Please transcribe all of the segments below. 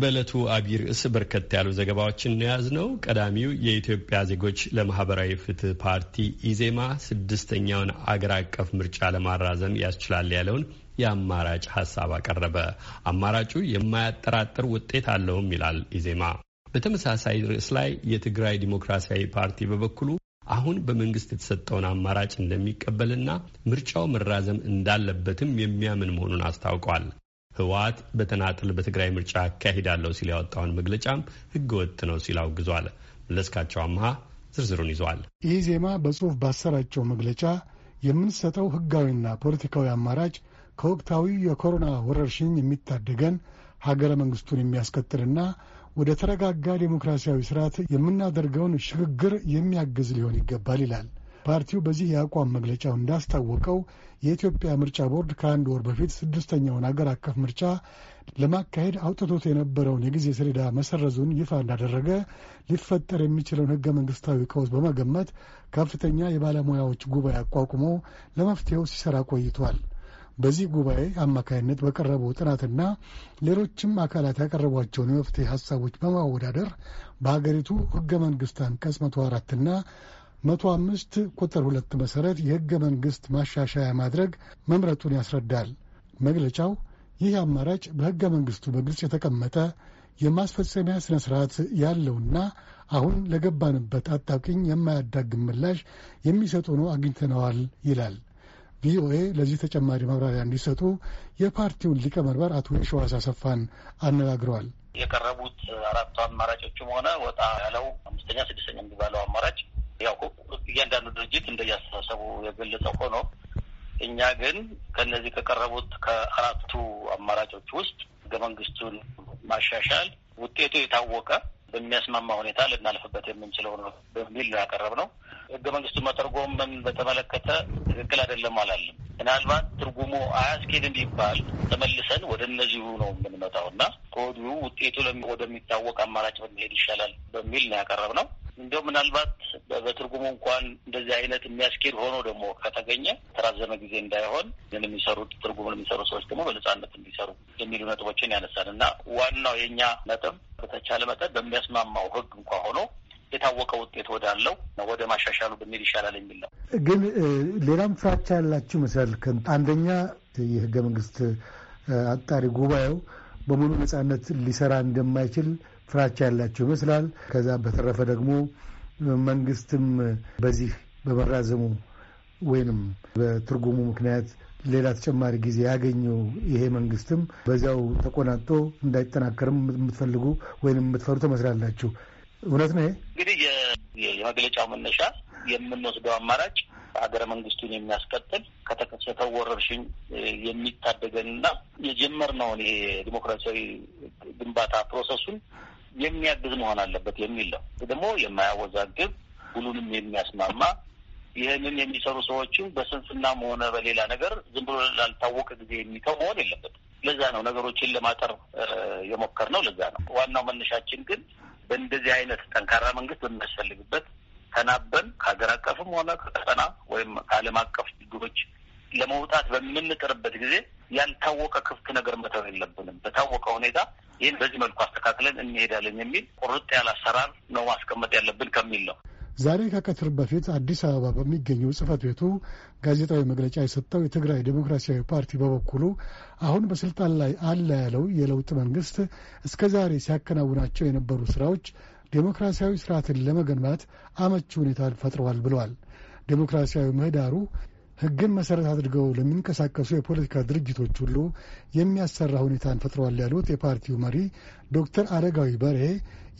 በዕለቱ አቢይ ርዕስ በርከት ያሉ ዘገባዎችን የያዝ ነው። ቀዳሚው የኢትዮጵያ ዜጎች ለማህበራዊ ፍትህ ፓርቲ ኢዜማ ስድስተኛውን አገር አቀፍ ምርጫ ለማራዘም ያስችላል ያለውን የአማራጭ ሀሳብ አቀረበ። አማራጩ የማያጠራጥር ውጤት አለውም ይላል ኢዜማ። በተመሳሳይ ርዕስ ላይ የትግራይ ዲሞክራሲያዊ ፓርቲ በበኩሉ አሁን በመንግስት የተሰጠውን አማራጭ እንደሚቀበልና ምርጫው መራዘም እንዳለበትም የሚያምን መሆኑን አስታውቋል። ህወሓት በተናጥል በትግራይ ምርጫ አካሂዳለሁ ሲል ያወጣውን መግለጫም ህገወጥ ነው ሲል አውግዟል። መለስካቸው አምሃ ዝርዝሩን ይዟል። ይህ ዜማ በጽሁፍ ባሰራጨው መግለጫ የምንሰጠው ህጋዊና ፖለቲካዊ አማራጭ ከወቅታዊ የኮሮና ወረርሽኝ የሚታደገን ሀገረ መንግስቱን የሚያስቀጥልና ወደ ተረጋጋ ዴሞክራሲያዊ ስርዓት የምናደርገውን ሽግግር የሚያግዝ ሊሆን ይገባል ይላል። ፓርቲው በዚህ የአቋም መግለጫው እንዳስታወቀው የኢትዮጵያ ምርጫ ቦርድ ከአንድ ወር በፊት ስድስተኛውን አገር አቀፍ ምርጫ ለማካሄድ አውጥቶት የነበረውን የጊዜ ሰሌዳ መሰረዙን ይፋ እንዳደረገ ሊፈጠር የሚችለውን ህገ መንግስታዊ ቀውስ በመገመት ከፍተኛ የባለሙያዎች ጉባኤ አቋቁሞ ለመፍትሄው ሲሰራ ቆይቷል። በዚህ ጉባኤ አማካይነት በቀረበው ጥናትና ሌሎችም አካላት ያቀረቧቸውን የመፍትሄ ሀሳቦች በማወዳደር በሀገሪቱ ህገ መንግሥት አንቀጽ መቶ አራትና መቶ አምስት ቁጥር ሁለት መሠረት የሕገ መንግሥት ማሻሻያ ማድረግ መምረጡን ያስረዳል መግለጫው። ይህ አማራጭ በሕገ መንግሥቱ በግልጽ የተቀመጠ የማስፈጸሚያ ሥነ ሥርዓት ያለውና አሁን ለገባንበት አጣብቅኝ የማያዳግም ምላሽ የሚሰጥ ሆኖ አግኝተነዋል ይላል። ቪኦኤ ለዚህ ተጨማሪ ማብራሪያ እንዲሰጡ የፓርቲውን ሊቀመንበር አቶ የሸዋስ አሰፋን አነጋግረዋል። የቀረቡት አራቱ አማራጮችም ሆነ ወጣ ያለው አምስተኛ ስድስተኛ የሚባለው አማራጭ ያው እያንዳንዱ ድርጅት እንደያስተሳሰቡ የገለጸ ሆኖ እኛ ግን ከነዚህ ከቀረቡት ከአራቱ አማራጮች ውስጥ ህገ መንግስቱን ማሻሻል ውጤቱ የታወቀ በሚያስማማ ሁኔታ ልናልፍበት የምንችለው ነው በሚል ነው ነው። ህገ መንግስቱን መተርጎምን በተመለከተ ትክክል አይደለም አላለም። ምናልባት ትርጉሙ አያስኬድም ቢባል ተመልሰን ወደ እነዚሁ ነው የምንመጣው እና ከወዲሁ ውጤቱ ወደሚታወቅ አማራጭ በሚሄድ ይሻላል በሚል ነው ነው። እንዲሁ ምናልባት በትርጉሙ እንኳን እንደዚህ አይነት የሚያስኬድ ሆኖ ደግሞ ከተገኘ የተራዘመ ጊዜ እንዳይሆን ግን የሚሰሩት ትርጉሙን የሚሰሩ ሰዎች ደግሞ በነጻነት እንዲሰሩ የሚሉ ነጥቦችን ያነሳል እና ዋናው የእኛ ነጥብ በተቻለ መጠን በሚያስማማው ህግ እንኳ ሆኖ የታወቀ ውጤት ወዳለው ወደ ማሻሻሉ ብንሄድ ይሻላል የሚል ነው። ግን ሌላም ፍራቻ ያላችሁ መሰል አንደኛ የህገ መንግስት አጣሪ ጉባኤው በሙሉ ነጻነት ሊሰራ እንደማይችል ፍራቻ ያላቸው ይመስላል። ከዛ በተረፈ ደግሞ መንግስትም በዚህ በመራዘሙ ወይንም በትርጉሙ ምክንያት ሌላ ተጨማሪ ጊዜ ያገኘው ይሄ መንግስትም በዚያው ተቆናጦ እንዳይጠናከርም የምትፈልጉ ወይም የምትፈሩ ትመስላላችሁ። እውነት ነው። እንግዲህ የመግለጫው መነሻ የምንወስደው አማራጭ ሀገረ መንግስቱን የሚያስቀጥል ከተከሰተው ወረርሽኝ የሚታደገንና የጀመርነውን ይሄ ዲሞክራሲያዊ ግንባታ ፕሮሰሱን የሚያግዝ መሆን አለበት የሚል ነው። ደግሞ የማያወዛግብ ሁሉንም የሚያስማማ ይህንን የሚሰሩ ሰዎችም በስንፍናም ሆነ በሌላ ነገር ዝም ብሎ ላልታወቀ ጊዜ የሚተው መሆን የለበትም። ለዛ ነው ነገሮችን ለማጠር የሞከር ነው። ለዛ ነው ዋናው መነሻችን። ግን በእንደዚህ አይነት ጠንካራ መንግስት በሚያስፈልግበት ተናበን ከሀገር አቀፍም ሆነ ከቀጠና ወይም ከዓለም አቀፍ ችግሮች ለመውጣት በምንጥርበት ጊዜ ያልታወቀ ክፍት ነገር መተው የለብንም። በታወቀ ሁኔታ ይህን በዚህ መልኩ አስተካክለን እንሄዳለን የሚል ቁርጥ ያለ አሰራር ነው ማስቀመጥ ያለብን ከሚል ነው። ዛሬ ከቀትር በፊት አዲስ አበባ በሚገኘው ጽህፈት ቤቱ ጋዜጣዊ መግለጫ የሰጠው የትግራይ ዴሞክራሲያዊ ፓርቲ በበኩሉ አሁን በስልጣን ላይ አለ ያለው የለውጥ መንግስት እስከ ዛሬ ሲያከናውናቸው የነበሩ ስራዎች ዴሞክራሲያዊ ስርዓትን ለመገንባት አመቺ ሁኔታን ፈጥረዋል ብለዋል። ዴሞክራሲያዊ ምህዳሩ ሕግን መሰረት አድርገው ለሚንቀሳቀሱ የፖለቲካ ድርጅቶች ሁሉ የሚያሰራ ሁኔታን ፈጥረዋል ያሉት የፓርቲው መሪ ዶክተር አረጋዊ በርሄ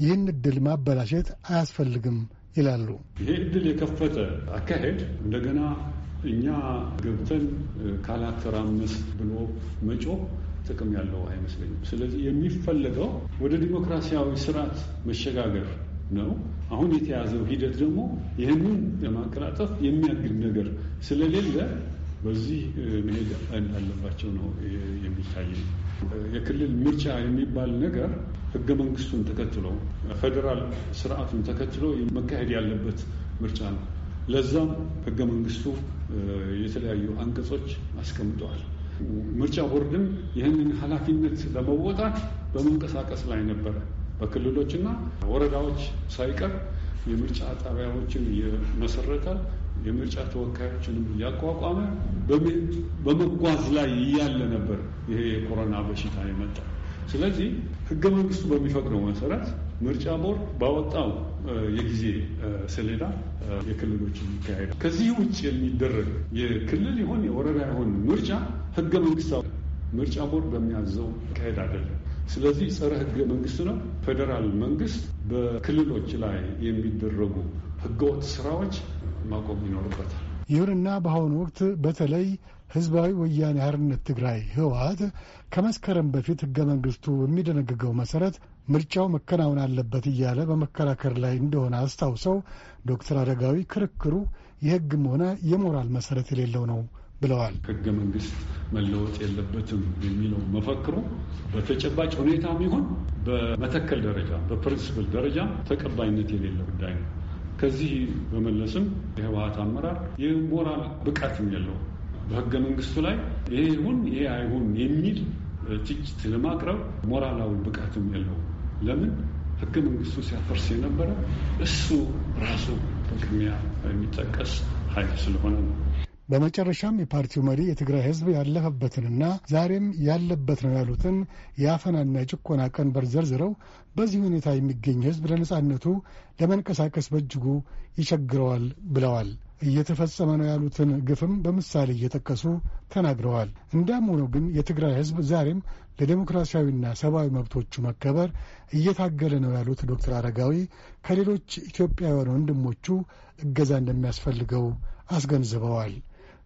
ይህን እድል ማበላሸት አያስፈልግም ይላሉ። ይሄ እድል የከፈተ አካሄድ እንደገና እኛ ገብተን ካላተራምስ ብሎ መጮ ጥቅም ያለው አይመስለኝም። ስለዚህ የሚፈለገው ወደ ዲሞክራሲያዊ ስርዓት መሸጋገር ነው። አሁን የተያዘው ሂደት ደግሞ ይህንን ለማቀላጠፍ የሚያግድ ነገር ስለሌለ በዚህ መሄድ እንዳለባቸው ነው የሚታይ። የክልል ምርጫ የሚባል ነገር ህገ መንግስቱን ተከትሎ ፌዴራል ስርዓቱን ተከትሎ መካሄድ ያለበት ምርጫ ነው። ለዛም ህገ መንግስቱ የተለያዩ አንቀጾች አስቀምጠዋል። ምርጫ ቦርድም ይህንን ኃላፊነት ለመወጣት በመንቀሳቀስ ላይ ነበረ። በክልሎችና ወረዳዎች ሳይቀር የምርጫ ጣቢያዎችን የመሰረተ የምርጫ ተወካዮችንም ያቋቋመ በመጓዝ ላይ እያለ ነበር ይሄ የኮሮና በሽታ የመጣ። ስለዚህ ህገ መንግስቱ በሚፈቅደው መሰረት ምርጫ ቦርድ ባወጣው የጊዜ ሰሌዳ የክልሎች ይካሄዳል። ከዚህ ውጭ የሚደረግ የክልል ይሆን የወረዳ ይሆን ምርጫ ህገ መንግስታዊ ምርጫ ቦርድ በሚያዘው ይካሄድ አይደለም። ስለዚህ ጸረ ህገ መንግስት ነው። ፌዴራል መንግስት በክልሎች ላይ የሚደረጉ ህገወጥ ስራዎች ማቆም ይኖርበታል። ይሁንና በአሁኑ ወቅት በተለይ ህዝባዊ ወያኔ ሓርነት ትግራይ ህወሀት ከመስከረም በፊት ህገ መንግስቱ በሚደነግገው መሰረት ምርጫው መከናወን አለበት እያለ በመከራከር ላይ እንደሆነ አስታውሰው ዶክተር አረጋዊ ክርክሩ የህግም ሆነ የሞራል መሰረት የሌለው ነው ብለዋል። ህገ መንግስት መለወጥ የለበትም የሚለው መፈክሩ በተጨባጭ ሁኔታም ይሁን በመተከል ደረጃ በፕሪንስፕል ደረጃ ተቀባይነት የሌለ ጉዳይ ነው። ከዚህ በመለስም የህወሀት አመራር የሞራል ብቃትም የለው በህገ መንግስቱ ላይ ይሄ ይሁን ይሄ አይሁን የሚል ትችት ለማቅረብ ሞራላዊ ብቃትም የለው። ለምን ህገ መንግስቱ ሲያፈርስ የነበረ እሱ ራሱ በቅድሚያ የሚጠቀስ ኃይል ስለሆነ ነው። በመጨረሻም የፓርቲው መሪ የትግራይ ህዝብ ያለፈበትንና ዛሬም ያለበት ነው ያሉትን የአፈናና የጭቆና ቀንበር ዘርዝረው በዚህ ሁኔታ የሚገኝ ህዝብ ለነጻነቱ ለመንቀሳቀስ በእጅጉ ይቸግረዋል ብለዋል። እየተፈጸመ ነው ያሉትን ግፍም በምሳሌ እየጠቀሱ ተናግረዋል። እንዳም ሆኖ ግን የትግራይ ህዝብ ዛሬም ለዴሞክራሲያዊና ሰብአዊ መብቶቹ መከበር እየታገለ ነው ያሉት ዶክተር አረጋዊ ከሌሎች ኢትዮጵያውያን ወንድሞቹ እገዛ እንደሚያስፈልገው አስገንዝበዋል።